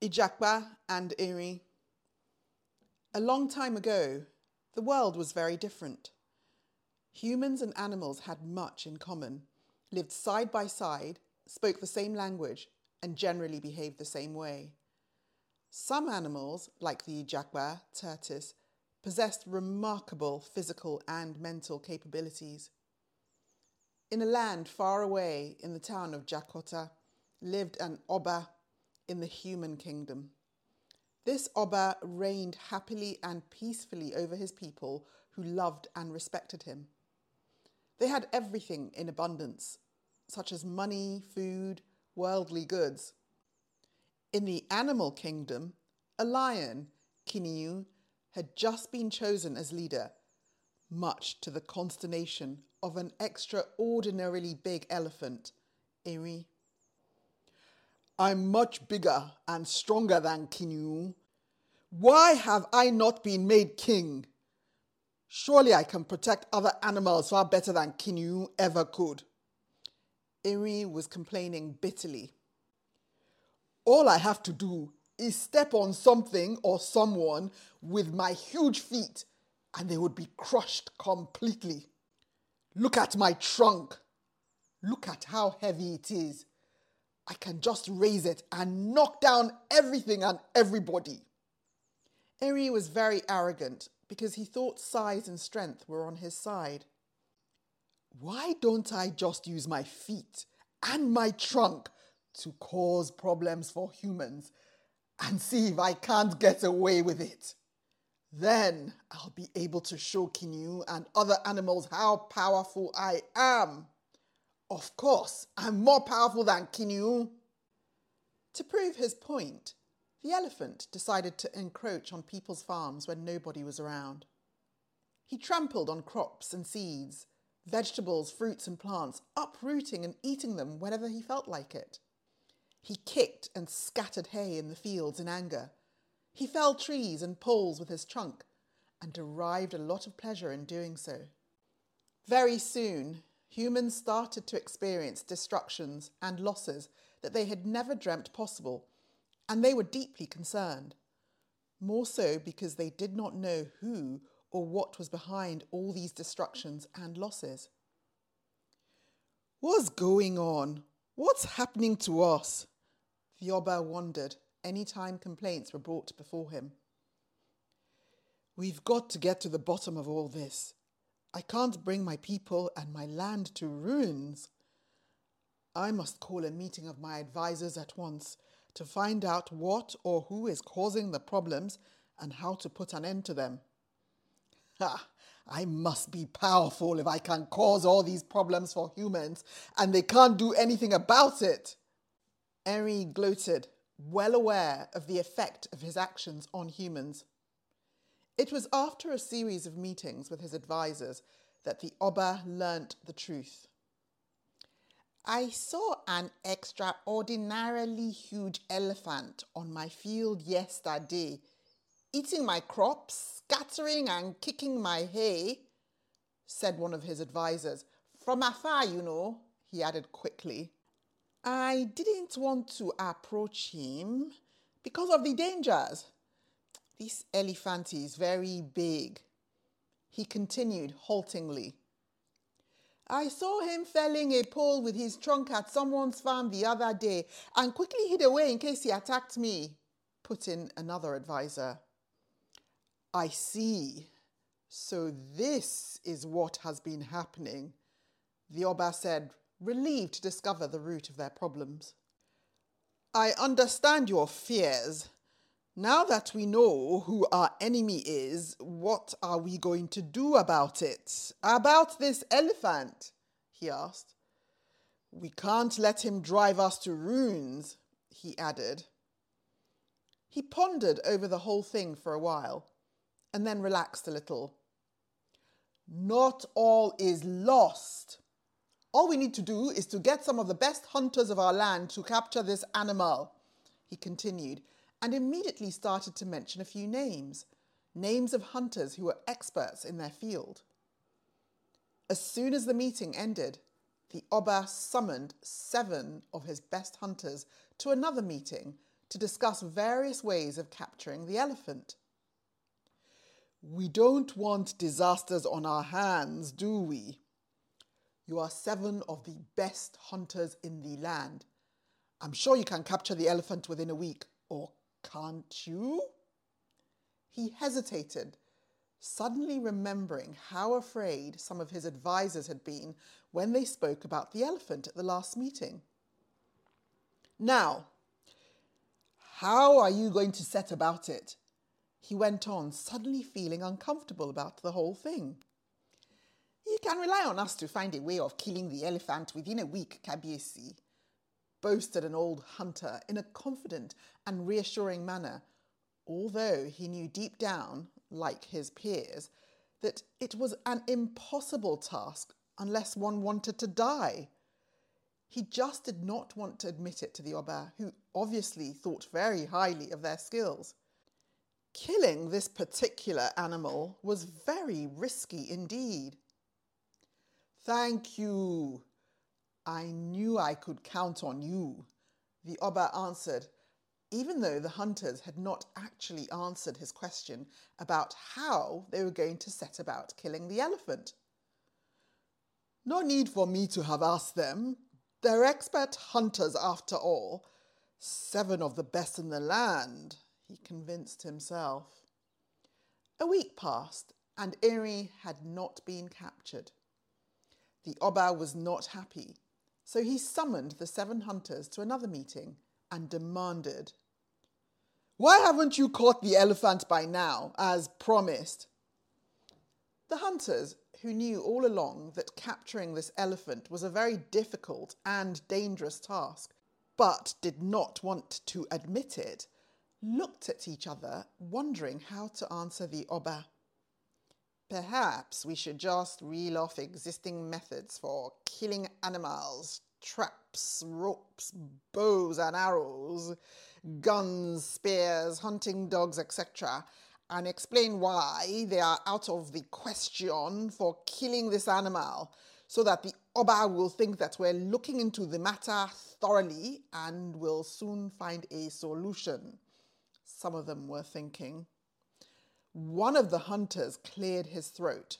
Ijakba and Iri. A long time ago, the world was very different. Humans and animals had much in common, lived side by side, spoke the same language, and generally behaved the same way. Some animals, like the Ijakba tortoise, possessed remarkable physical and mental capabilities. In a land far away in the town of Jakota lived an Oba in the human kingdom. This Oba reigned happily and peacefully over his people who loved and respected him. They had everything in abundance, such as money, food, worldly goods. In the animal kingdom, a lion, Kiniu, had just been chosen as leader, much to the consternation of an extraordinarily big elephant, Eri. I'm much bigger and stronger than Kinyu. Why have I not been made king? Surely I can protect other animals far better than Kinyu ever could. Iri was complaining bitterly. All I have to do is step on something or someone with my huge feet and they would be crushed completely. Look at my trunk. Look at how heavy it is. I can just raise it and knock down everything and everybody. Eri was very arrogant because he thought size and strength were on his side. Why don't I just use my feet and my trunk to cause problems for humans and see if I can't get away with it? Then I'll be able to show KINU and other animals how powerful I am. Of course, I'm more powerful than Kinyu. To prove his point, the elephant decided to encroach on people's farms when nobody was around. He trampled on crops and seeds, vegetables, fruits, and plants, uprooting and eating them whenever he felt like it. He kicked and scattered hay in the fields in anger. He felled trees and poles with his trunk and derived a lot of pleasure in doing so. Very soon, humans started to experience destructions and losses that they had never dreamt possible, and they were deeply concerned. More so because they did not know who or what was behind all these destructions and losses. What's going on? What's happening to us? Vioba wondered any time complaints were brought before him. We've got to get to the bottom of all this, I can't bring my people and my land to ruins. I must call a meeting of my advisers at once to find out what or who is causing the problems and how to put an end to them. Ha! I must be powerful if I can cause all these problems for humans and they can't do anything about it. Eri gloated, well aware of the effect of his actions on humans. It was after a series of meetings with his advisers that the Oba learnt the truth. I saw an extraordinarily huge elephant on my field yesterday, eating my crops, scattering and kicking my hay, said one of his advisers. From afar, you know, he added quickly. I didn't want to approach him because of the dangers, this elephant is very big, he continued haltingly. I saw him felling a pole with his trunk at someone's farm the other day and quickly hid away in case he attacked me, put in another adviser. I see. So this is what has been happening, the Oba said, relieved to discover the root of their problems. I understand your fears, now that we know who our enemy is, what are we going to do about it? About this elephant? he asked. We can't let him drive us to ruins, he added. He pondered over the whole thing for a while and then relaxed a little. Not all is lost. All we need to do is to get some of the best hunters of our land to capture this animal, he continued and immediately started to mention a few names, names of hunters who were experts in their field. As soon as the meeting ended, the Oba summoned seven of his best hunters to another meeting to discuss various ways of capturing the elephant. We don't want disasters on our hands, do we? You are seven of the best hunters in the land. I'm sure you can capture the elephant within a week, or can't you? He hesitated, suddenly remembering how afraid some of his advisers had been when they spoke about the elephant at the last meeting. Now, how are you going to set about it? He went on, suddenly feeling uncomfortable about the whole thing. You can rely on us to find a way of killing the elephant within a week, Cabiesi, boasted an old hunter in a confident and reassuring manner, although he knew deep down, like his peers, that it was an impossible task unless one wanted to die. He just did not want to admit it to the Aubert, who obviously thought very highly of their skills. Killing this particular animal was very risky indeed. Thank you, I knew I could count on you. The Oba answered, even though the hunters had not actually answered his question about how they were going to set about killing the elephant. No need for me to have asked them. They're expert hunters after all. Seven of the best in the land, he convinced himself. A week passed and Iri had not been captured. The Oba was not happy so he summoned the seven hunters to another meeting and demanded, Why haven't you caught the elephant by now, as promised? The hunters, who knew all along that capturing this elephant was a very difficult and dangerous task, but did not want to admit it, looked at each other, wondering how to answer the Oba. Perhaps we should just reel off existing methods for killing animals, traps, ropes, bows and arrows, guns, spears, hunting dogs, etc., and explain why they are out of the question for killing this animal so that the Oba will think that we're looking into the matter thoroughly and will soon find a solution. Some of them were thinking one of the hunters cleared his throat.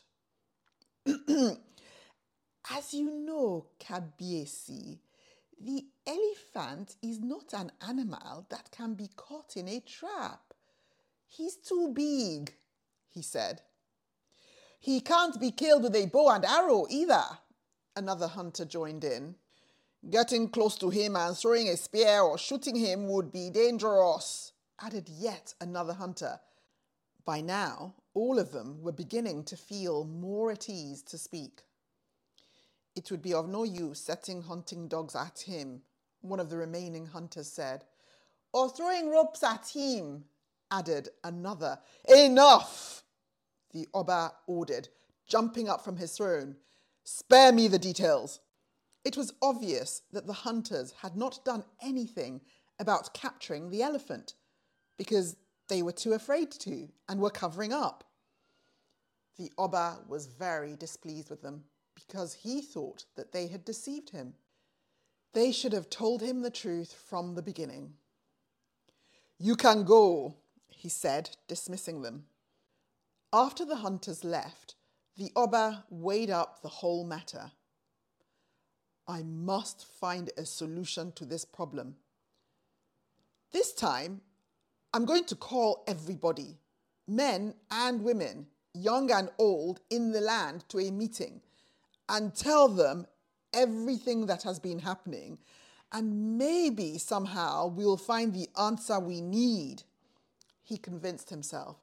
As you know, Kabiesi, the elephant is not an animal that can be caught in a trap. He's too big, he said. He can't be killed with a bow and arrow either, another hunter joined in. Getting close to him and throwing a spear or shooting him would be dangerous, added yet another hunter. By now, all of them were beginning to feel more at ease to speak. It would be of no use setting hunting dogs at him, one of the remaining hunters said. Or throwing ropes at him, added another. Enough! The Oba ordered, jumping up from his throne. Spare me the details. It was obvious that the hunters had not done anything about capturing the elephant, because they were too afraid to and were covering up. The Oba was very displeased with them because he thought that they had deceived him. They should have told him the truth from the beginning. You can go, he said, dismissing them. After the hunters left, the Oba weighed up the whole matter. I must find a solution to this problem. This time, I'm going to call everybody, men and women, young and old, in the land to a meeting and tell them everything that has been happening. And maybe somehow we'll find the answer we need, he convinced himself.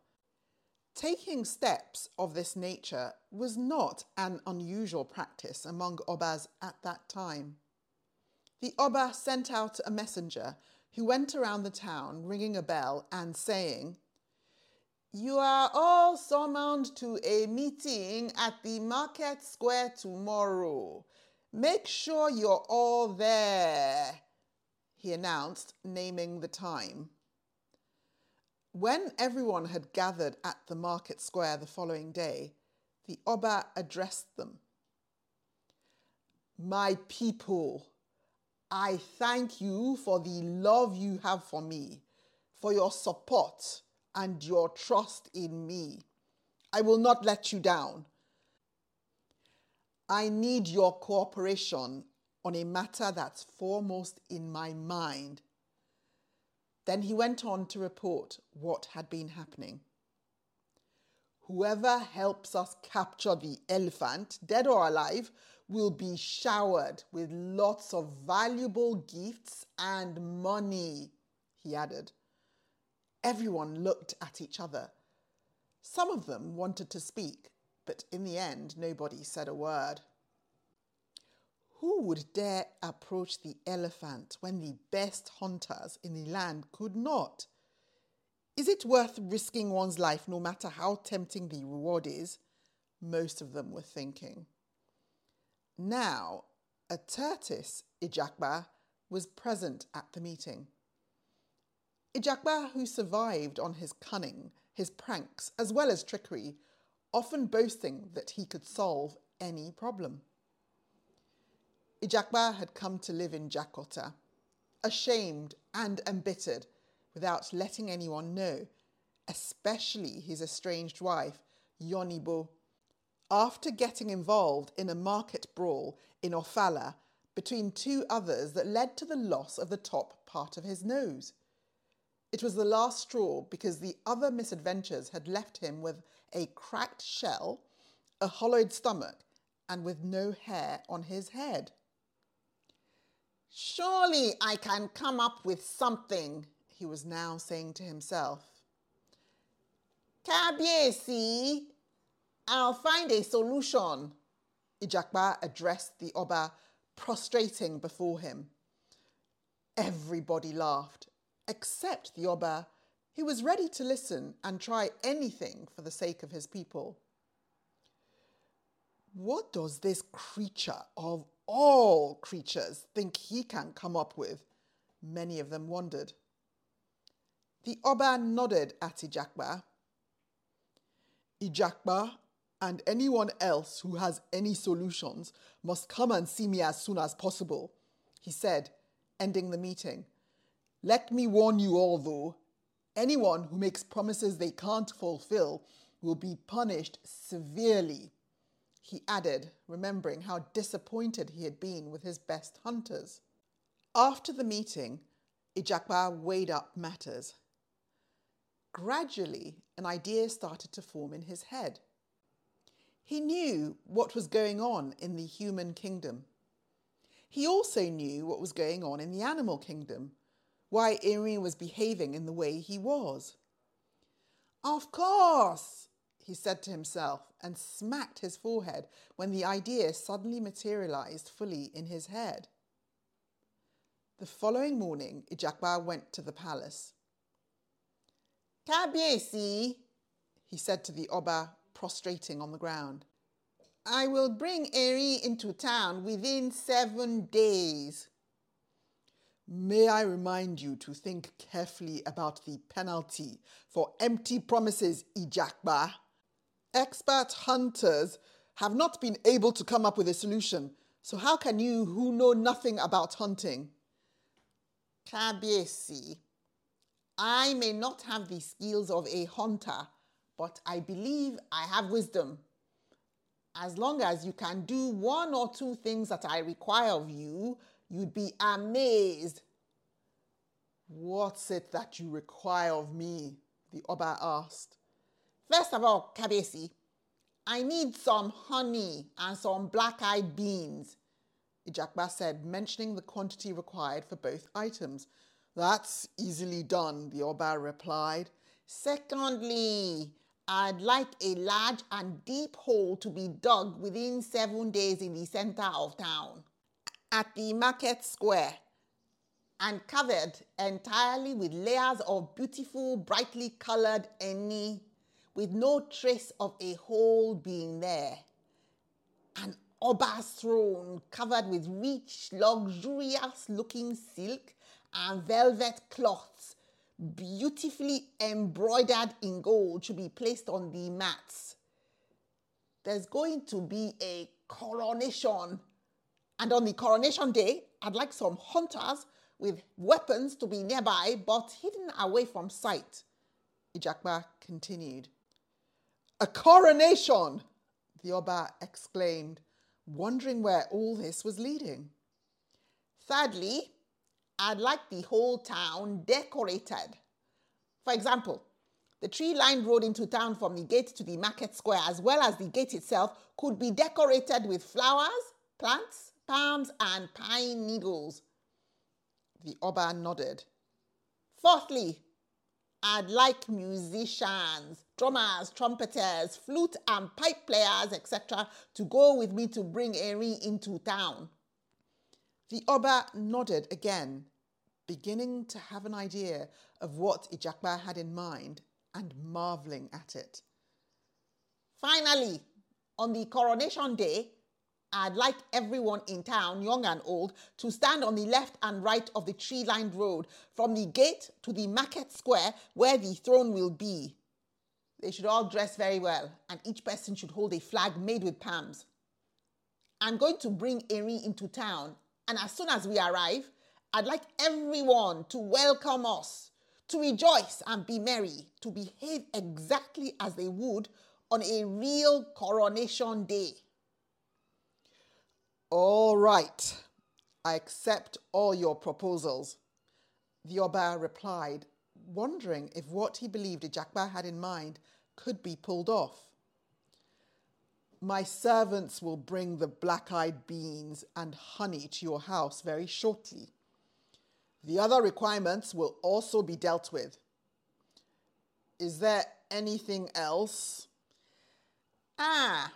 Taking steps of this nature was not an unusual practice among Obas at that time. The Oba sent out a messenger he went around the town ringing a bell and saying, You are all summoned to a meeting at the market square tomorrow. Make sure you're all there, he announced, naming the time. When everyone had gathered at the market square the following day, the Oba addressed them. My people, I thank you for the love you have for me, for your support and your trust in me. I will not let you down. I need your cooperation on a matter that's foremost in my mind. Then he went on to report what had been happening. Whoever helps us capture the elephant, dead or alive, will be showered with lots of valuable gifts and money, he added. Everyone looked at each other. Some of them wanted to speak, but in the end, nobody said a word. Who would dare approach the elephant when the best hunters in the land could not? Is it worth risking one's life no matter how tempting the reward is? Most of them were thinking. Now, a Tertis Ijakba was present at the meeting. Ijakba, who survived on his cunning, his pranks, as well as trickery, often boasting that he could solve any problem. Ijakba had come to live in Jakarta, ashamed and embittered, without letting anyone know, especially his estranged wife, Yonibo after getting involved in a market brawl in Ofala between two others that led to the loss of the top part of his nose. It was the last straw because the other misadventures had left him with a cracked shell, a hollowed stomach, and with no hair on his head. Surely I can come up with something, he was now saying to himself. Cabiesi, I'll find a solution. Ijakba addressed the Oba, prostrating before him. Everybody laughed, except the Oba, who was ready to listen and try anything for the sake of his people. What does this creature of all creatures think he can come up with? Many of them wondered. The Oba nodded at Ijakba. Ijakba and anyone else who has any solutions must come and see me as soon as possible, he said, ending the meeting. Let me warn you all, though, anyone who makes promises they can't fulfill will be punished severely, he added, remembering how disappointed he had been with his best hunters. After the meeting, Ijakba weighed up matters. Gradually, an idea started to form in his head. He knew what was going on in the human kingdom. He also knew what was going on in the animal kingdom, why Irene was behaving in the way he was. Of course, he said to himself and smacked his forehead when the idea suddenly materialized fully in his head. The following morning, Ijakba went to the palace. Kabiesi, he said to the Oba prostrating on the ground. I will bring Eri into town within seven days. May I remind you to think carefully about the penalty for empty promises, Ijakba. Expert hunters have not been able to come up with a solution, so how can you, who know nothing about hunting? Kabiesi, I may not have the skills of a hunter, but I believe I have wisdom. As long as you can do one or two things that I require of you, you'd be amazed. What's it that you require of me? The Oba asked. First of all, Kabesi, I need some honey and some black eyed beans, Ijakba said, mentioning the quantity required for both items. That's easily done, the Oba replied. Secondly, I'd like a large and deep hole to be dug within seven days in the center of town at the market square and covered entirely with layers of beautiful, brightly colored eni with no trace of a hole being there. An Oba's throne covered with rich, luxurious looking silk and velvet cloths beautifully embroidered in gold to be placed on the mats. There's going to be a coronation. And on the coronation day, I'd like some hunters with weapons to be nearby but hidden away from sight. Ijakba continued. A coronation! The Oba exclaimed, wondering where all this was leading. Thirdly, I'd like the whole town decorated. For example, the tree lined road into town from the gate to the market square, as well as the gate itself, could be decorated with flowers, plants, palms, and pine needles. The Oba nodded. Fourthly, I'd like musicians, drummers, trumpeters, flute and pipe players, etc., to go with me to bring Eri into town. The Oba nodded again, beginning to have an idea of what Ijakba had in mind and marvelling at it. Finally, on the coronation day, I'd like everyone in town, young and old, to stand on the left and right of the tree lined road from the gate to the market square where the throne will be. They should all dress very well, and each person should hold a flag made with palms. I'm going to bring Eri into town and as soon as we arrive, I'd like everyone to welcome us, to rejoice and be merry, to behave exactly as they would on a real coronation day. All right, I accept all your proposals. The Oba replied, wondering if what he believed Ijakba had in mind could be pulled off. My servants will bring the black eyed beans and honey to your house very shortly. The other requirements will also be dealt with. Is there anything else? Ah,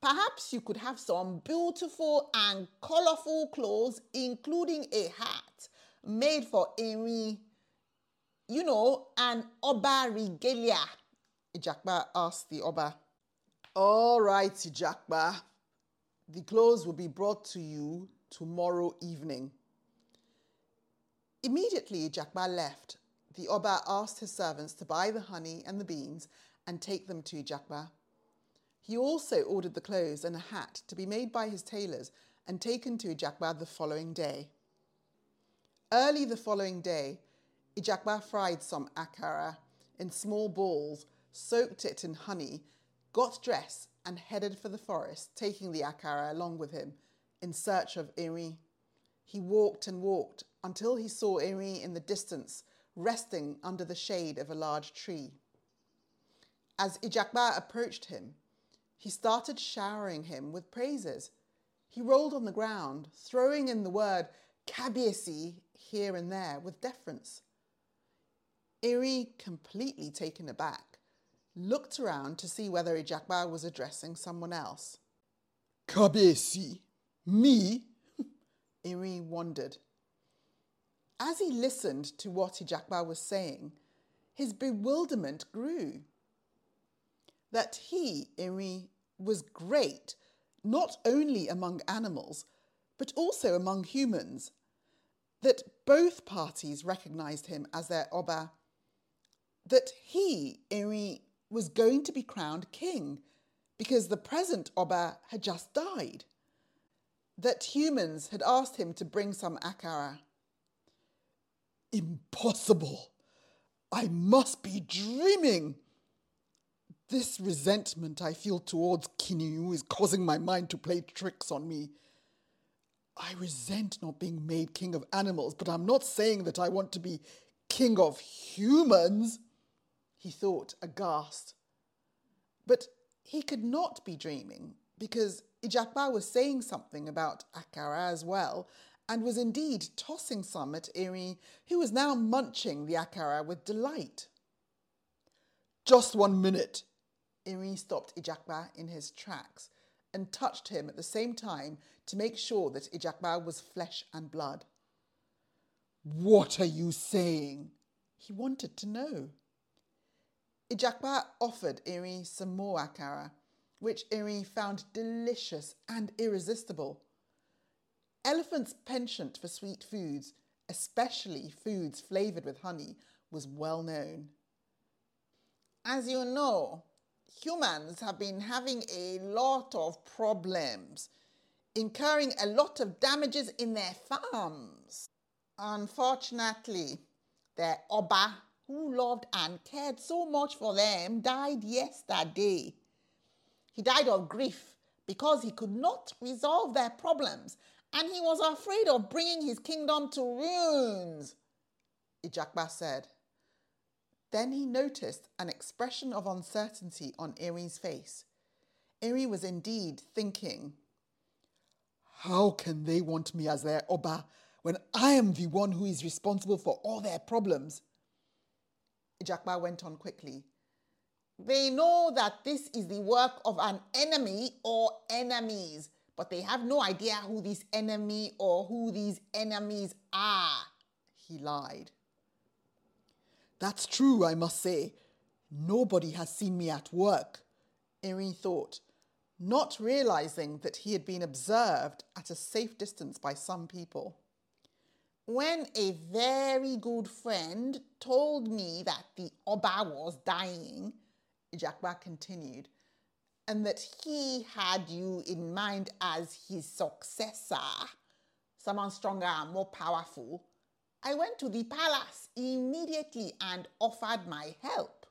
perhaps you could have some beautiful and colorful clothes, including a hat made for Amy, you know, an Oba regalia. Ijakba asked the Oba. All right, Ijakba. The clothes will be brought to you tomorrow evening. Immediately, Ijakba left. The Oba asked his servants to buy the honey and the beans and take them to Ijakba. He also ordered the clothes and a hat to be made by his tailors and taken to Ijakba the following day. Early the following day, Ijakba fried some akara in small balls, soaked it in honey, got dressed and headed for the forest, taking the Akara along with him in search of Iri. He walked and walked until he saw Iri in the distance, resting under the shade of a large tree. As Ijakba approached him, he started showering him with praises. He rolled on the ground, throwing in the word kabiesi here and there with deference. Iri, completely taken aback, looked around to see whether Ijakba was addressing someone else. Kabesi? Me? Iri wondered. As he listened to what Ijakba was saying, his bewilderment grew. That he, Iri, was great not only among animals, but also among humans, that both parties recognized him as their Oba, that he, Iri, was going to be crowned king because the present Oba had just died, that humans had asked him to bring some akara. Impossible! I must be dreaming! This resentment I feel towards Kinu is causing my mind to play tricks on me. I resent not being made king of animals, but I'm not saying that I want to be king of humans he thought, aghast. But he could not be dreaming because Ijapa was saying something about Akara as well and was indeed tossing some at Iri, who was now munching the Akara with delight. Just one minute! Iri stopped Ijakba in his tracks and touched him at the same time to make sure that Ijakba was flesh and blood. What are you saying? He wanted to know. Ijakpa offered Iri some more akara, which Iri found delicious and irresistible. Elephant's penchant for sweet foods, especially foods flavoured with honey, was well known. As you know, humans have been having a lot of problems, incurring a lot of damages in their farms. Unfortunately, their Oba who loved and cared so much for them died yesterday. He died of grief because he could not resolve their problems and he was afraid of bringing his kingdom to ruins. Ijakba said. Then he noticed an expression of uncertainty on Iri's face. Iri was indeed thinking, How can they want me as their Oba when I am the one who is responsible for all their problems? Ijakba went on quickly. They know that this is the work of an enemy or enemies, but they have no idea who this enemy or who these enemies are. He lied. That's true, I must say. Nobody has seen me at work, Irene thought, not realizing that he had been observed at a safe distance by some people when a very good friend told me that the Oba was dying, Ijakba continued, and that he had you in mind as his successor, someone stronger and more powerful, I went to the palace immediately and offered my help.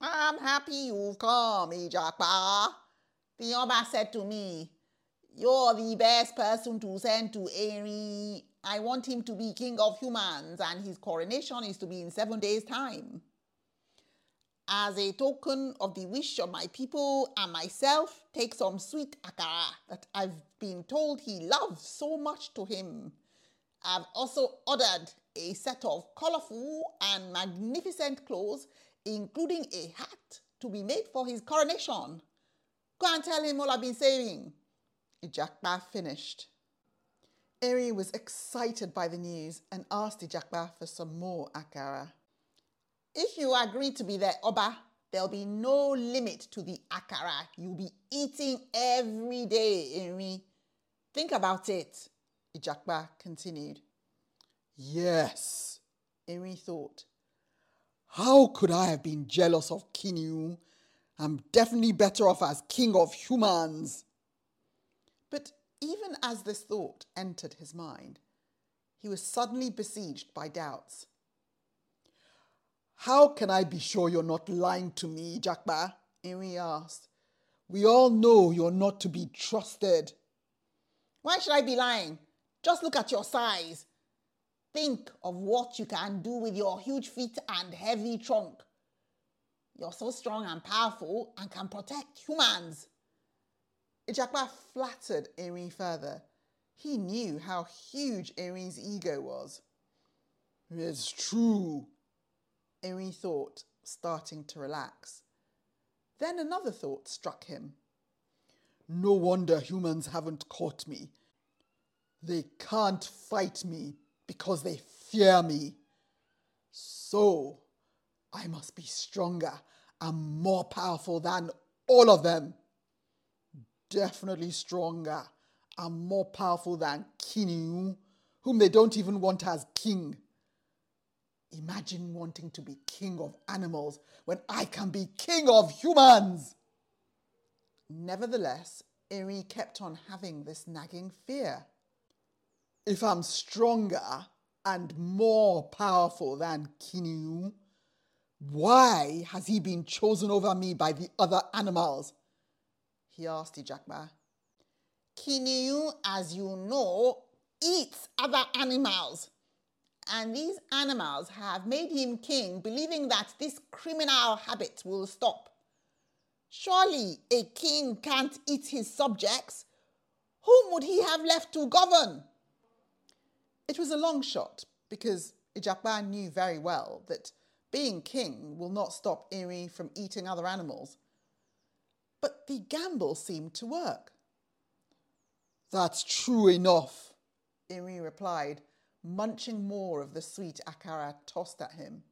I'm happy you've come, Ijakba. The Oba said to me, You're the best person to send to Eri I want him to be king of humans, and his coronation is to be in seven days' time. As a token of the wish of my people and myself, take some sweet akara that I've been told he loves so much to him. I've also ordered a set of colorful and magnificent clothes, including a hat to be made for his coronation. Go and tell him all I've been saying. Ijakba finished. Eri was excited by the news and asked Ijakba for some more akara. If you agree to be their Oba, there'll be no limit to the akara you'll be eating every day, Eri. Think about it, Ijakba continued. Yes, Eri thought. How could I have been jealous of Kinu? I'm definitely better off as king of humans. But even as this thought entered his mind, he was suddenly besieged by doubts. How can I be sure you're not lying to me, Jakba? He asked. We all know you're not to be trusted. Why should I be lying? Just look at your size. Think of what you can do with your huge feet and heavy trunk. You're so strong and powerful and can protect humans. Ijakba flattered Irene further. He knew how huge Irene's ego was. It's true, Irene thought, starting to relax. Then another thought struck him. No wonder humans haven't caught me. They can't fight me because they fear me. So I must be stronger and more powerful than all of them definitely stronger and more powerful than Kinu, whom they don't even want as king. Imagine wanting to be king of animals when I can be king of humans. Nevertheless, Iri kept on having this nagging fear. If I'm stronger and more powerful than Kinu, why has he been chosen over me by the other animals? he asked Ijakba. Kiniu, as you know, eats other animals. And these animals have made him king, believing that this criminal habit will stop. Surely a king can't eat his subjects. Whom would he have left to govern? It was a long shot because Ijakba knew very well that being king will not stop Iri from eating other animals but the gamble seemed to work. That's true enough, Imi replied, munching more of the sweet akara tossed at him.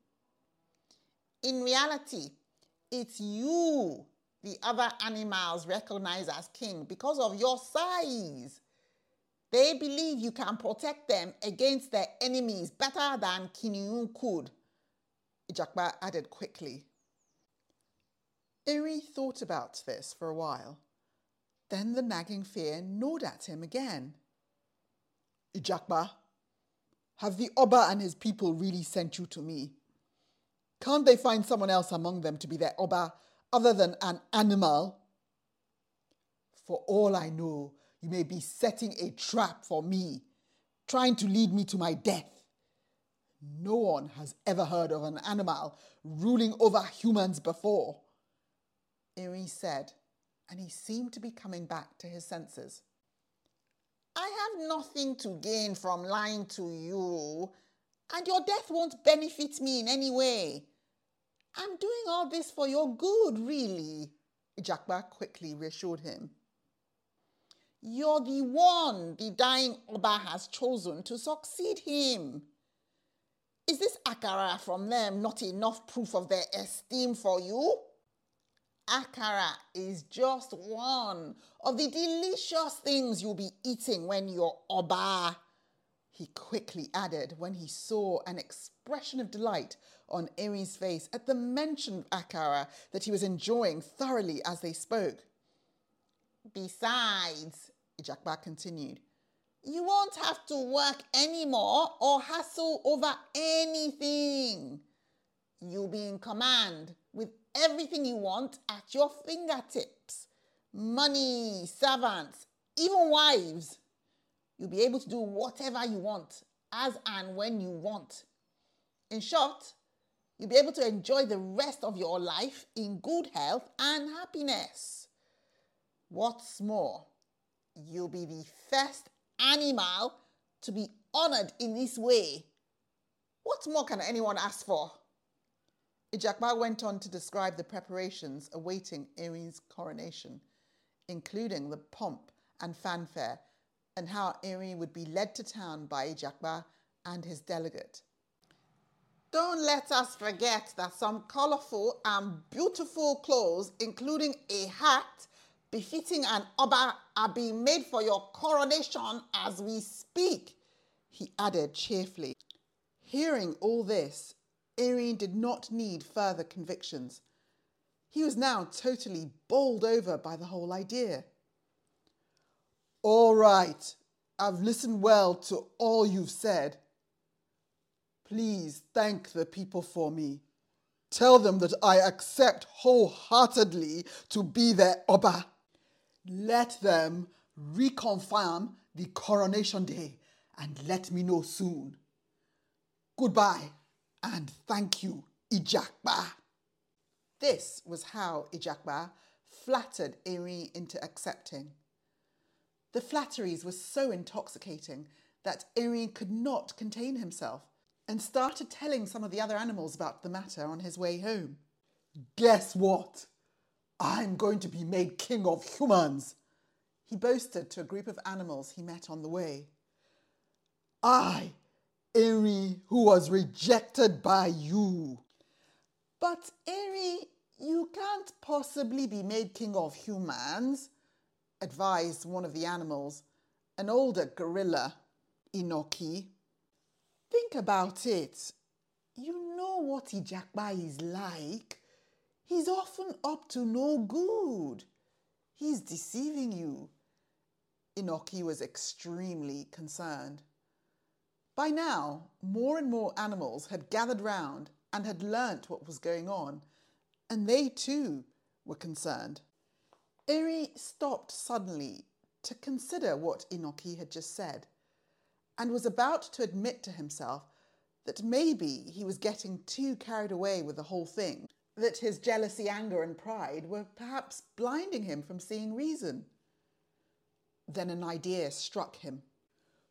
In reality, it's you the other animals recognize as king because of your size. They believe you can protect them against their enemies better than Kinyun could, Ijakba added quickly. Iri thought about this for a while. Then the nagging fear gnawed at him again. Ijakba, have the Oba and his people really sent you to me? Can't they find someone else among them to be their Oba other than an animal? For all I know, you may be setting a trap for me, trying to lead me to my death. No one has ever heard of an animal ruling over humans before. Erie said, and he seemed to be coming back to his senses. I have nothing to gain from lying to you, and your death won't benefit me in any way. I'm doing all this for your good, really, Jakba quickly reassured him. You're the one the dying Oba has chosen to succeed him. Is this Akara from them not enough proof of their esteem for you? akara is just one of the delicious things you'll be eating when you're oba. He quickly added when he saw an expression of delight on Iri's face at the mention of akara that he was enjoying thoroughly as they spoke. Besides, Ijakba continued, you won't have to work anymore or hassle over anything. You'll be in command with everything you want at your fingertips money, servants, even wives. You'll be able to do whatever you want as and when you want. In short, you'll be able to enjoy the rest of your life in good health and happiness. What's more, you'll be the first animal to be honored in this way. What more can anyone ask for? Ijakba went on to describe the preparations awaiting Erin's coronation, including the pomp and fanfare, and how Erin would be led to town by Ijakba and his delegate. Don't let us forget that some colorful and beautiful clothes, including a hat befitting an Oba, are being made for your coronation as we speak, he added cheerfully. Hearing all this, Irene did not need further convictions. He was now totally bowled over by the whole idea. All right, I've listened well to all you've said. Please thank the people for me. Tell them that I accept wholeheartedly to be their Oba. Let them reconfirm the coronation day and let me know soon. Goodbye and thank you, Ijakba. This was how Ijakba flattered Iri into accepting. The flatteries were so intoxicating that Iri could not contain himself and started telling some of the other animals about the matter on his way home. Guess what? I'm going to be made king of humans, he boasted to a group of animals he met on the way. I Ari, who was rejected by you. But Ari, you can't possibly be made king of humans, advised one of the animals, an older gorilla, Inoki. Think about it. You know what Ijakba is like. He's often up to no good. He's deceiving you. Inoki was extremely concerned. By now, more and more animals had gathered round and had learnt what was going on, and they too were concerned. Iri stopped suddenly to consider what Inoki had just said, and was about to admit to himself that maybe he was getting too carried away with the whole thing, that his jealousy, anger, and pride were perhaps blinding him from seeing reason. Then an idea struck him.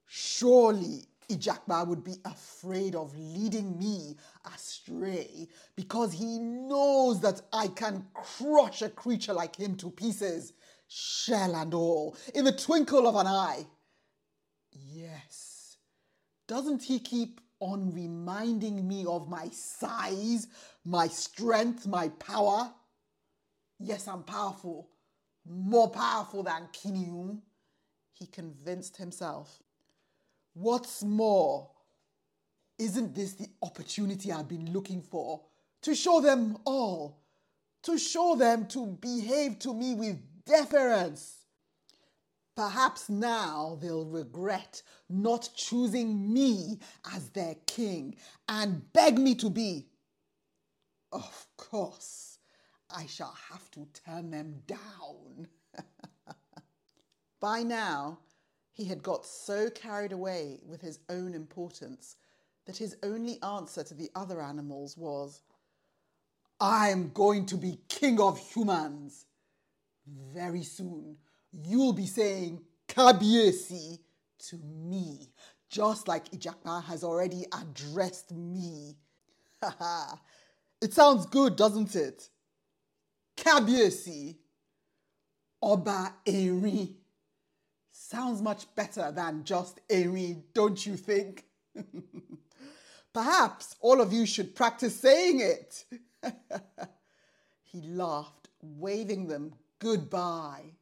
Surely Ijakba would be afraid of leading me astray because he knows that I can crush a creature like him to pieces, shell and all, in the twinkle of an eye. Yes, doesn't he keep on reminding me of my size, my strength, my power? Yes, I'm powerful, more powerful than Kinium, he convinced himself. What's more, isn't this the opportunity I've been looking for to show them all, to show them to behave to me with deference? Perhaps now they'll regret not choosing me as their king and beg me to be. Of course, I shall have to turn them down. By now, he had got so carried away with his own importance that his only answer to the other animals was, I'm going to be king of humans. Very soon, you'll be saying Kabiesi to me, just like Ijakpa has already addressed me. ha! it sounds good, doesn't it? Kabiesi, Oba Eri sounds much better than just Amy, don't you think? Perhaps all of you should practice saying it. he laughed, waving them goodbye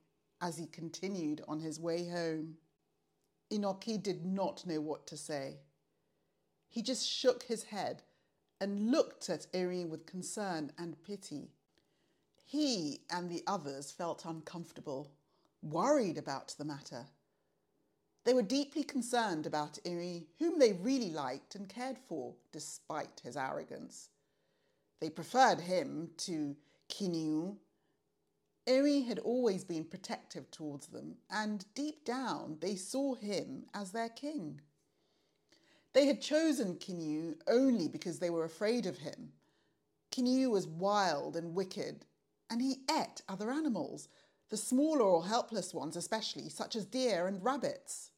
as he continued on his way home. Inoki did not know what to say. He just shook his head and looked at Irene with concern and pity. He and the others felt uncomfortable, worried about the matter. They were deeply concerned about Iri, whom they really liked and cared for, despite his arrogance. They preferred him to Kiniu. Iri had always been protective towards them, and deep down they saw him as their king. They had chosen Kiniu only because they were afraid of him. Kiniu was wild and wicked, and he ate other animals, the smaller or helpless ones especially, such as deer and rabbits.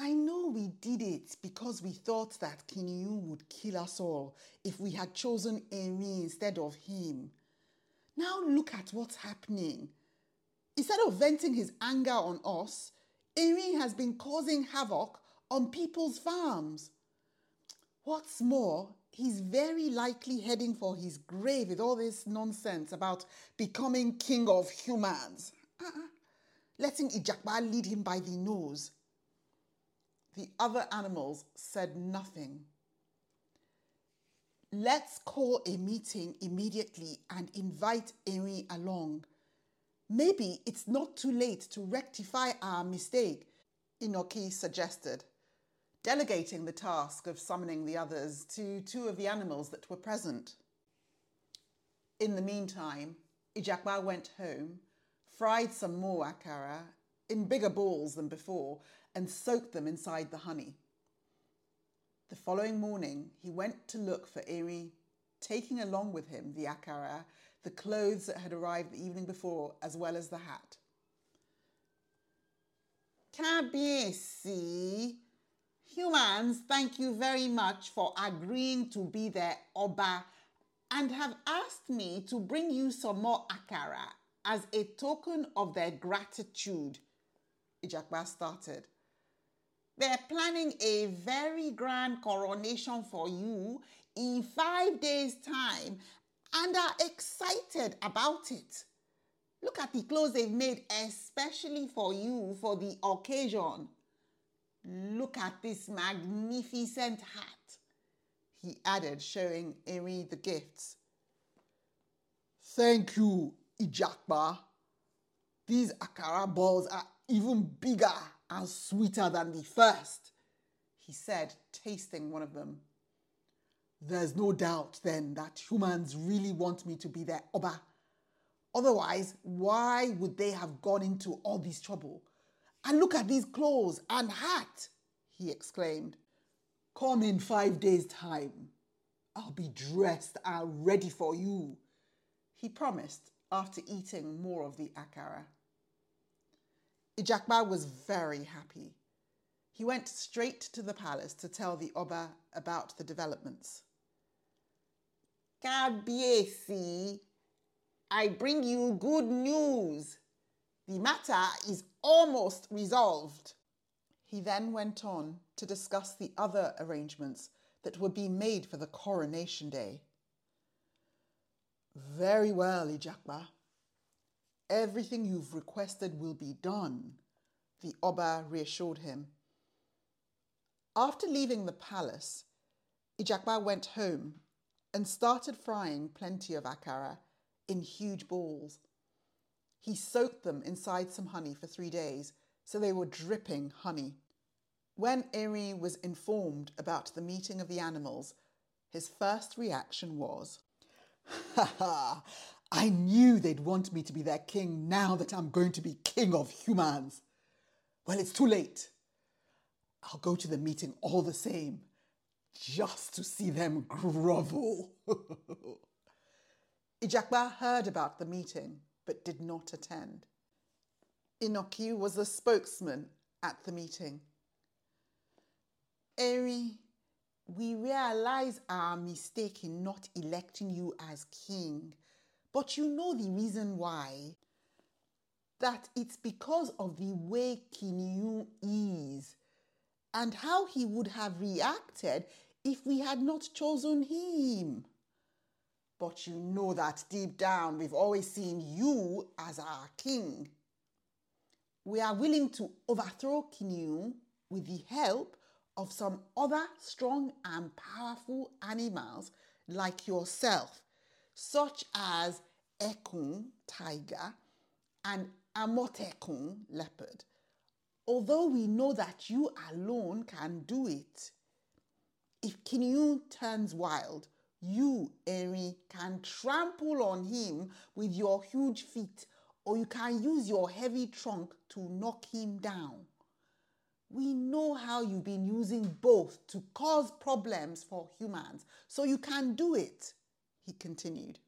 I know we did it because we thought that Kinyu would kill us all if we had chosen Amy instead of him. Now look at what's happening. Instead of venting his anger on us, Amy has been causing havoc on people's farms. What's more, he's very likely heading for his grave with all this nonsense about becoming king of humans. Uh-uh. Letting Ijakba lead him by the nose. The other animals said nothing. Let's call a meeting immediately and invite Amy along. Maybe it's not too late to rectify our mistake, Inoki suggested, delegating the task of summoning the others to two of the animals that were present. In the meantime, Ijakwa went home, fried some more akara in bigger balls than before, and soaked them inside the honey. The following morning, he went to look for Eri, taking along with him the akara, the clothes that had arrived the evening before, as well as the hat. Kabiesi, humans, thank you very much for agreeing to be their Oba and have asked me to bring you some more akara as a token of their gratitude. Ijakba started. They're planning a very grand coronation for you in five days' time and are excited about it. Look at the clothes they've made especially for you for the occasion. Look at this magnificent hat, he added, showing Eri the gifts. Thank you, Ijakba. These Akara balls are even bigger and sweeter than the first, he said, tasting one of them. There's no doubt then that humans really want me to be their Oba. Otherwise, why would they have gone into all this trouble? And look at these clothes and hat, he exclaimed. Come in five days' time. I'll be dressed and ready for you, he promised after eating more of the akara. Ijakba was very happy. He went straight to the palace to tell the Oba about the developments. Kabiesi, I bring you good news. The matter is almost resolved. He then went on to discuss the other arrangements that would be made for the coronation day. Very well, Ijakba, Everything you've requested will be done, the Oba reassured him. After leaving the palace, Ijakba went home and started frying plenty of akara in huge balls. He soaked them inside some honey for three days, so they were dripping honey. When Eri was informed about the meeting of the animals, his first reaction was, Ha ha! I knew they'd want me to be their king now that I'm going to be king of humans. Well, it's too late. I'll go to the meeting all the same, just to see them grovel. Ijakba heard about the meeting but did not attend. Inoki was the spokesman at the meeting. Eri, we realize our mistake in not electing you as king but you know the reason why. That it's because of the way Kinyu is and how he would have reacted if we had not chosen him. But you know that deep down we've always seen you as our king. We are willing to overthrow Kinyu with the help of some other strong and powerful animals like yourself, such as ekun tiger and amotekun leopard. Although we know that you alone can do it, if Kinyu turns wild, you, Eri, can trample on him with your huge feet, or you can use your heavy trunk to knock him down. We know how you've been using both to cause problems for humans, so you can do it, he continued.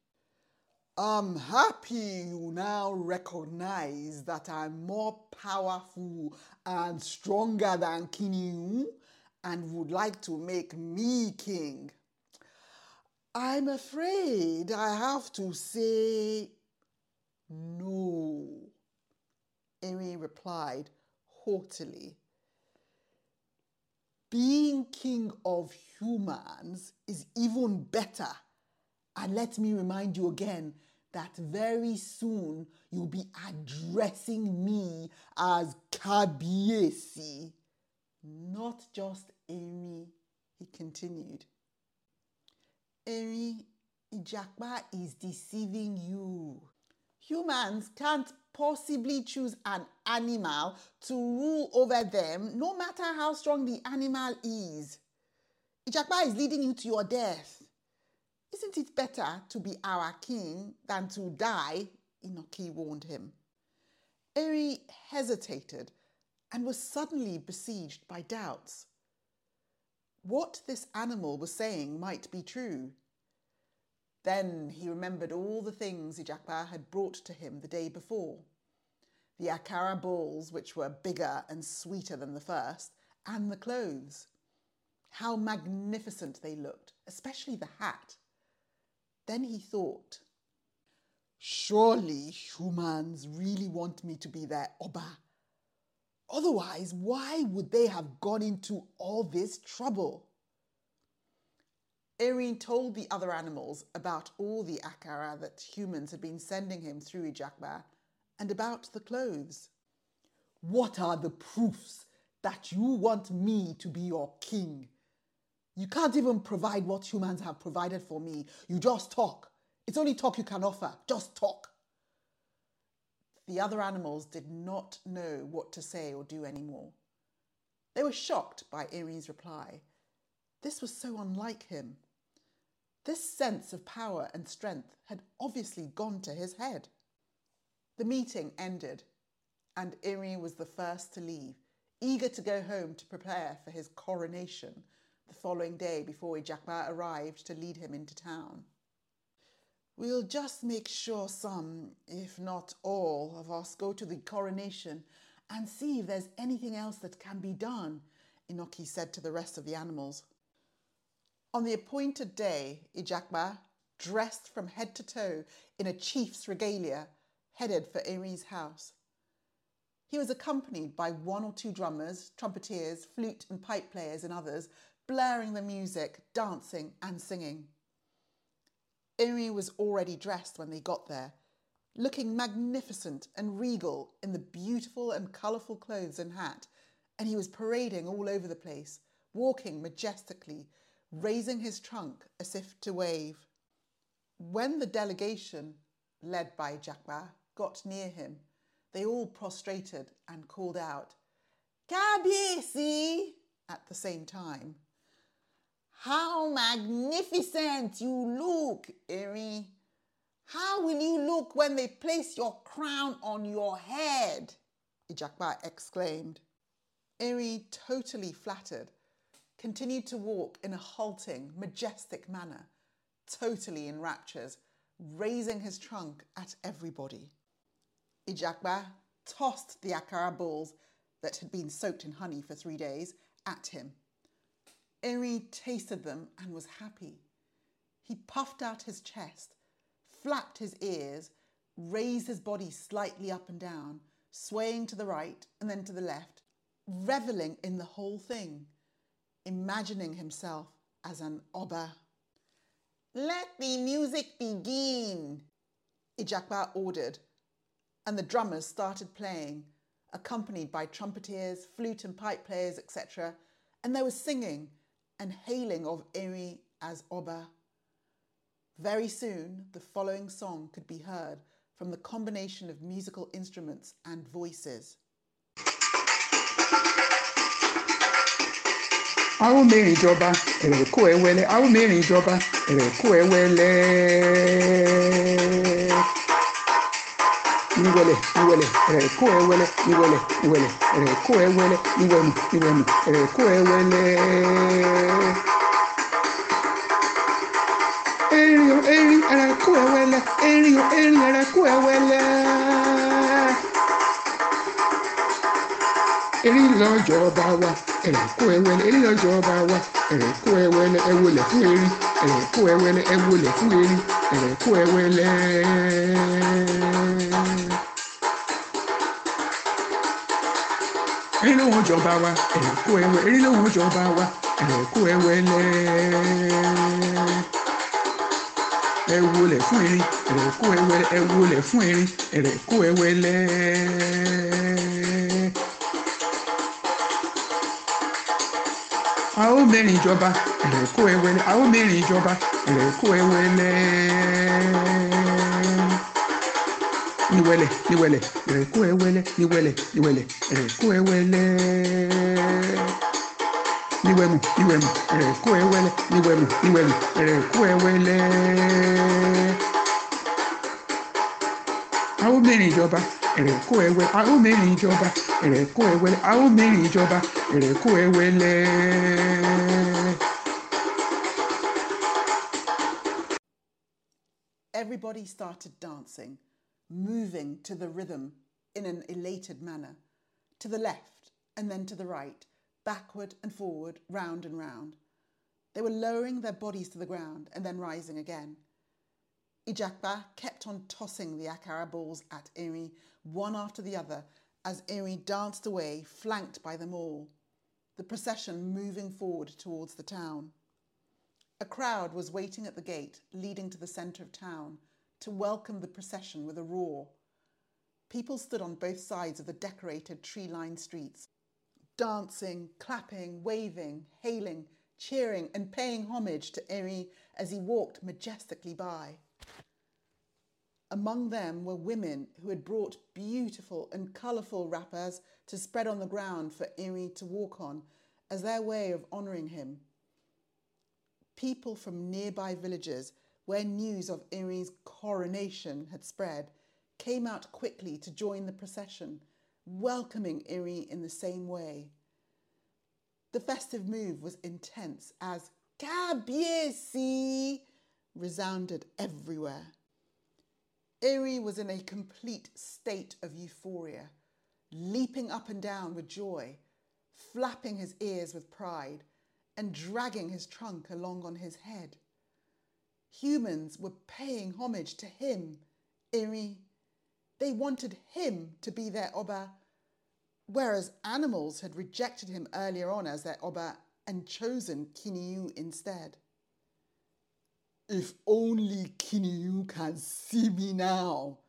I'm happy you now recognize that I'm more powerful and stronger than Kingu, and would like to make me king. I'm afraid I have to say no. Amy replied haughtily. Being king of humans is even better. And let me remind you again that very soon you'll be addressing me as Kabiesi, not just Amy. he continued. Amy, Ijakba is deceiving you. Humans can't possibly choose an animal to rule over them, no matter how strong the animal is. Ijakba is leading you to your death. Isn't it better to be our king than to die? Inoki warned him. Eri hesitated and was suddenly besieged by doubts. What this animal was saying might be true. Then he remembered all the things Ijakpa had brought to him the day before. The akara balls, which were bigger and sweeter than the first, and the clothes. How magnificent they looked, especially the hat. Then he thought, Surely humans really want me to be their Oba. Otherwise, why would they have gone into all this trouble? Irene told the other animals about all the akara that humans had been sending him through Ijakba and about the clothes. What are the proofs that you want me to be your king? You can't even provide what humans have provided for me. You just talk. It's only talk you can offer. Just talk. The other animals did not know what to say or do anymore. They were shocked by Irene's reply. This was so unlike him. This sense of power and strength had obviously gone to his head. The meeting ended, and Irene was the first to leave, eager to go home to prepare for his coronation the following day before Ijakba arrived to lead him into town. We'll just make sure some, if not all, of us go to the coronation and see if there's anything else that can be done, Inoki said to the rest of the animals. On the appointed day, Ijakba, dressed from head to toe in a chief's regalia, headed for Eri's house. He was accompanied by one or two drummers, trumpeters, flute and pipe players, and others blaring the music, dancing, and singing. Imi was already dressed when they got there, looking magnificent and regal in the beautiful and colourful clothes and hat, and he was parading all over the place, walking majestically, raising his trunk as if to wave. When the delegation, led by Jakba, got near him, they all prostrated and called out, Kabiesi! at the same time. How magnificent you look, Erin. How will you look when they place your crown on your head? Ijakba exclaimed. Erin, totally flattered, continued to walk in a halting, majestic manner, totally in raptures, raising his trunk at everybody. Ijakba tossed the akara balls that had been soaked in honey for three days at him Eri tasted them and was happy. He puffed out his chest, flapped his ears, raised his body slightly up and down, swaying to the right and then to the left, reveling in the whole thing, imagining himself as an oba. Let the music begin, Ijakba ordered, and the drummers started playing, accompanied by trumpeters, flute and pipe players, etc., and there was singing and hailing of Iri as Oba. Very soon, the following song could be heard from the combination of musical instruments and voices. àwọn mẹ́rin ìjọba èrè kó ẹ wẹlé àwọn ìjọba èrè kó ẹ y e huele, y e huele, y huele, y huele, huele, y huele, y huele, huele. El río, el río, huele, el río, el río, huele. El hilo lleva agua, el huele, el hilo lleva agua, el huele, huele, erin lòun ò jọba wa ẹ̀kú ẹ̀wẹ̀ erin lòun ò jọba wa ẹ̀kú ẹ̀wẹ̀ lẹ̀ ẹ wọlé fún erin ẹ̀kú ẹ̀wẹ̀ ẹ wọlé fún erin ẹ̀kú ẹ̀wẹ̀ lẹ̀. a ó mẹ́rin ìjọba ẹ̀kú ẹ̀wẹ̀ a ó mẹ́rin ìjọba ẹ̀kú ẹ̀wẹ̀ lẹ̀. níwẹ̀lẹ̀ níwẹ̀lẹ̀ ẹ̀rẹ̀kú ẹ̀ wẹ̀lẹ̀ níwẹ̀lẹ̀ níwẹ̀lẹ̀ ẹ̀rẹ̀kú ẹ̀ wẹ̀lẹ̀ níwẹ̀mù níwẹ̀mù ẹ̀rẹ̀kú ẹ̀ wẹ̀lẹ̀ níwẹ̀mù níwẹ̀mù ẹ̀rẹ̀kú ẹ̀ wẹ̀lẹ̀. àwọn mẹ́rin ìjọba ẹ̀rẹ̀kú ẹ̀ wẹ̀lẹ̀ àwọn mẹ́rin ìjọba ẹ̀rẹ̀kú ẹ̀ wẹ̀lẹ̀ àwọn mẹ́rin ìjọba ẹ̀rẹ̀kú ẹ̀ wẹ̀lẹ̀. Everybody started dancing moving to the rhythm in an elated manner, to the left and then to the right, backward and forward, round and round. They were lowering their bodies to the ground and then rising again. Ijakba kept on tossing the Akara balls at Iri, one after the other, as Iri danced away, flanked by them all, the procession moving forward towards the town. A crowd was waiting at the gate leading to the centre of town, to welcome the procession with a roar. People stood on both sides of the decorated tree lined streets, dancing, clapping, waving, hailing, cheering, and paying homage to Emi as he walked majestically by. Among them were women who had brought beautiful and colourful wrappers to spread on the ground for Emi to walk on as their way of honouring him. People from nearby villages where news of Iri's coronation had spread, came out quickly to join the procession, welcoming Iri in the same way. The festive move was intense as Kabiesi resounded everywhere. Iri was in a complete state of euphoria, leaping up and down with joy, flapping his ears with pride, and dragging his trunk along on his head. Humans were paying homage to him, Iri. They wanted him to be their Oba, whereas animals had rejected him earlier on as their Oba and chosen Kiniu instead. If only Kiniu can see me now,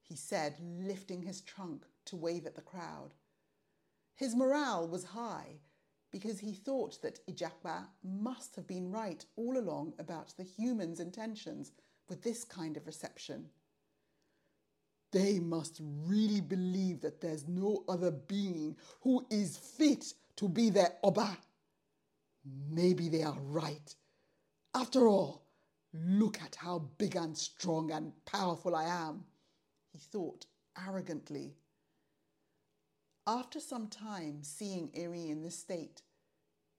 he said, lifting his trunk to wave at the crowd. His morale was high because he thought that Ijakba must have been right all along about the humans' intentions with this kind of reception. They must really believe that there's no other being who is fit to be their Oba. Maybe they are right. After all, look at how big and strong and powerful I am, he thought arrogantly. After some time seeing Eri in this state,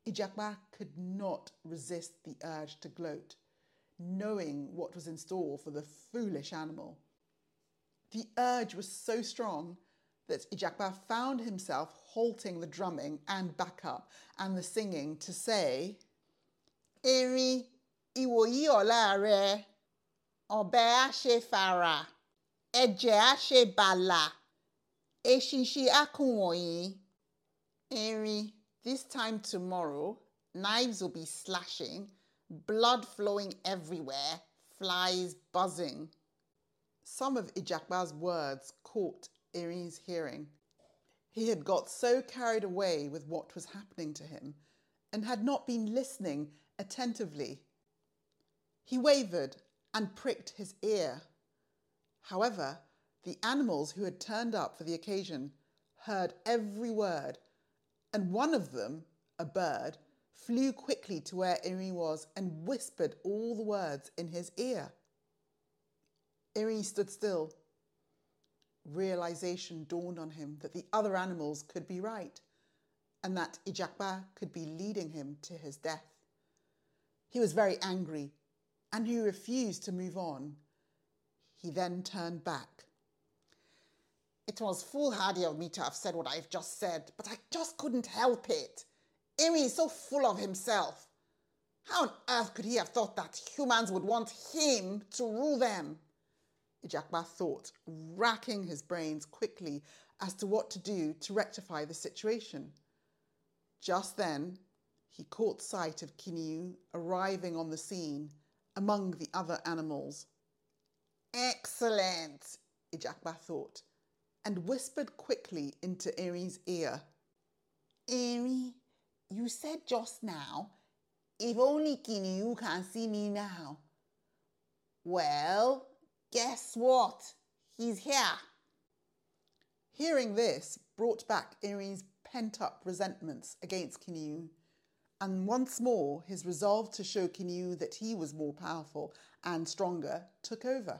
Ijakba could not resist the urge to gloat, knowing what was in store for the foolish animal. The urge was so strong that Ijakba found himself halting the drumming and backup and the singing to say, Eri iwoyi ola re, obe ashe fara, eje ashe bala. Eshinshi akunwoyi. Eri, this time tomorrow, knives will be slashing, blood flowing everywhere, flies buzzing. Some of Ijakba's words caught Erin's hearing. He had got so carried away with what was happening to him and had not been listening attentively. He wavered and pricked his ear. However, the animals who had turned up for the occasion heard every word, and one of them, a bird, flew quickly to where Iri was and whispered all the words in his ear. Iri stood still. Realization dawned on him that the other animals could be right and that Ijakba could be leading him to his death. He was very angry and he refused to move on. He then turned back it was foolhardy of me to have said what I've just said, but I just couldn't help it. Amy is so full of himself. How on earth could he have thought that humans would want him to rule them? Ijakba thought, racking his brains quickly as to what to do to rectify the situation. Just then, he caught sight of Kinu arriving on the scene among the other animals. Excellent, Ijakba thought and whispered quickly into Erie's ear. Erie, you said just now, if only Kiniu can see me now. Well, guess what? He's here. Hearing this brought back Erie's pent up resentments against Kiniu, and once more his resolve to show Kiniu that he was more powerful and stronger took over.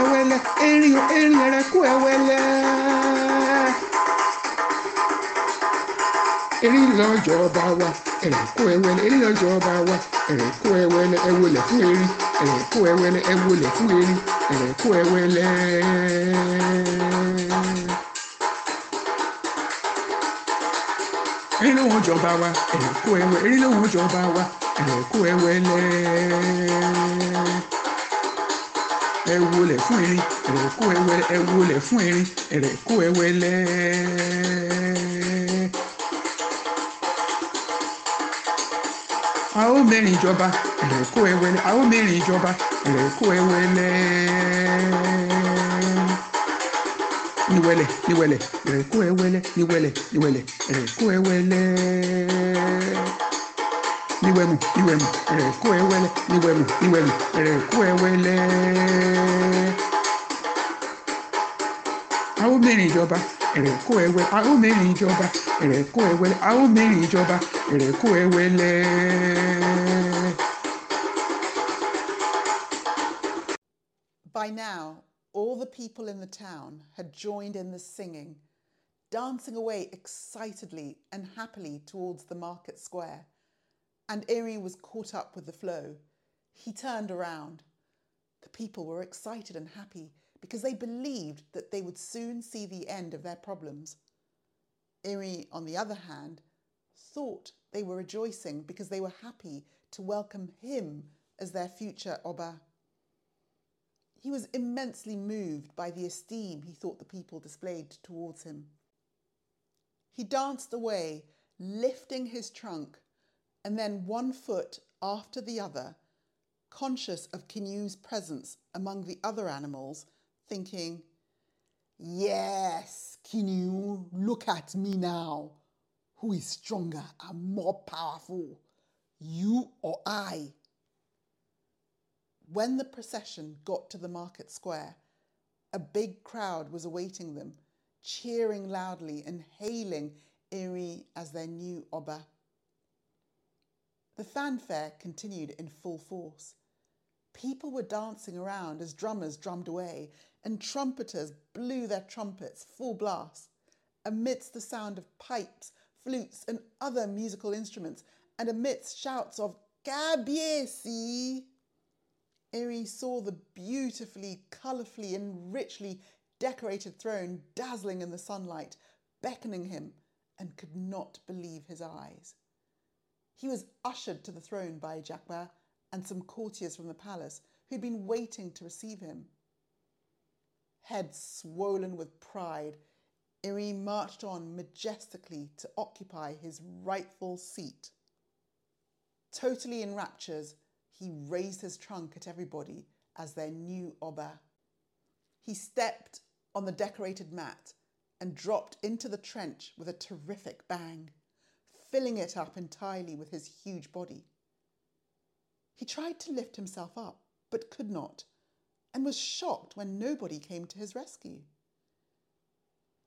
ẹwẹlẹ erin o erin ẹrẹ kú ẹwẹlẹ. erin lọ́jọ́ ọba wa ẹrẹ kú ẹwẹlẹ erin lọ́jọ́ ọba wa ẹrẹ kú ẹwẹlẹ ẹwọlẹ fún erin ẹrẹ kú ẹwẹlẹ ẹwọlẹ fún erin ẹrẹ kú ẹwẹlẹ. erin ló wọn jọba wa ẹrẹ kú ẹwẹlẹ erin ló wọn jọba wa ẹrẹ kú ẹwẹlẹ ẹwọlẹ̀ fún erin ẹ̀rẹ̀kó ẹwẹlẹ ẹwọlẹ̀ fún erin ẹ̀rẹ̀kó ẹwẹlẹ. a ó mẹ́rin ìjọba ẹ̀rẹ̀kó ẹwẹlẹ a ó mẹ́rin ìjọba ẹ̀rẹ̀kó ẹwẹlẹ. niwẹlẹ niwẹlẹ ẹ̀rẹ̀kó ẹwẹlẹ niwẹlẹ niwẹlẹ ẹ̀rẹ̀kó ẹwẹlẹ. a ó mẹ́rin ẹ̀rẹ̀kọ́ ẹ̀wẹ̀ a ó mẹ́rin ẹ̀rẹ̀kọ́ ẹ̀wẹ̀ a ó mẹ́rin ẹ̀rẹ̀kọ́ ẹ̀wẹ̀ lẹ́. By now, all the people in the town had joined in the singing, dancing away excitedly and happily towards the market square and Erie was caught up with the flow. He turned around. The people were excited and happy because they believed that they would soon see the end of their problems. Iri, on the other hand, thought they were rejoicing because they were happy to welcome him as their future Oba. He was immensely moved by the esteem he thought the people displayed towards him. He danced away, lifting his trunk and then one foot after the other, conscious of Kinyu's presence among the other animals, thinking, Yes, Kinyu, look at me now. Who is stronger and more powerful, you or I? When the procession got to the market square, a big crowd was awaiting them, cheering loudly and hailing Iri as their new Oba. The fanfare continued in full force. People were dancing around as drummers drummed away and trumpeters blew their trumpets full blast, amidst the sound of pipes, flutes, and other musical instruments, and amidst shouts of Gabiesi. Erie saw the beautifully, colourfully, and richly decorated throne dazzling in the sunlight, beckoning him, and could not believe his eyes. He was ushered to the throne by Jaqma and some courtiers from the palace who'd been waiting to receive him. Head swollen with pride, Iri marched on majestically to occupy his rightful seat. Totally in raptures, he raised his trunk at everybody as their new Oba. He stepped on the decorated mat and dropped into the trench with a terrific bang filling it up entirely with his huge body. He tried to lift himself up, but could not, and was shocked when nobody came to his rescue.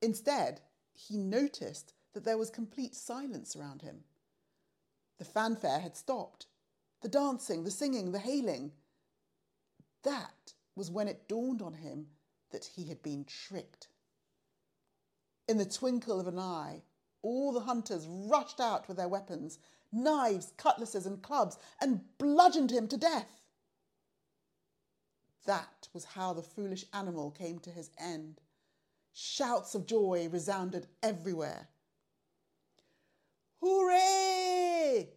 Instead, he noticed that there was complete silence around him. The fanfare had stopped, the dancing, the singing, the hailing. That was when it dawned on him that he had been tricked. In the twinkle of an eye, all the hunters rushed out with their weapons, knives, cutlasses, and clubs, and bludgeoned him to death. That was how the foolish animal came to his end. Shouts of joy resounded everywhere. Hooray!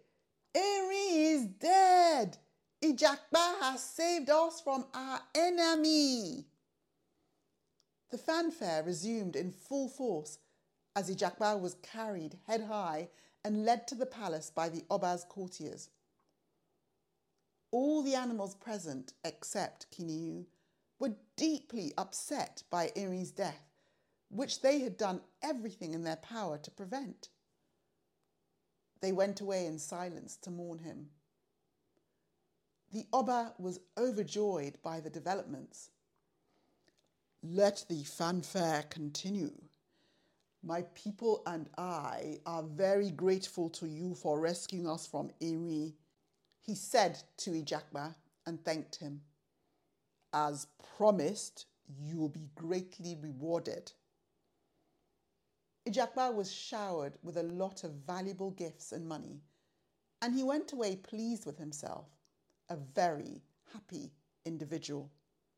Eri is dead! Ijakba has saved us from our enemy! The fanfare resumed in full force as Ijakba was carried head high and led to the palace by the Oba's courtiers. All the animals present, except Kiniu, were deeply upset by Iri's death, which they had done everything in their power to prevent. They went away in silence to mourn him. The Oba was overjoyed by the developments. Let the fanfare continue, my people and I are very grateful to you for rescuing us from Eri, he said to Ijakba and thanked him. As promised, you will be greatly rewarded. Ijakba was showered with a lot of valuable gifts and money, and he went away pleased with himself, a very happy individual.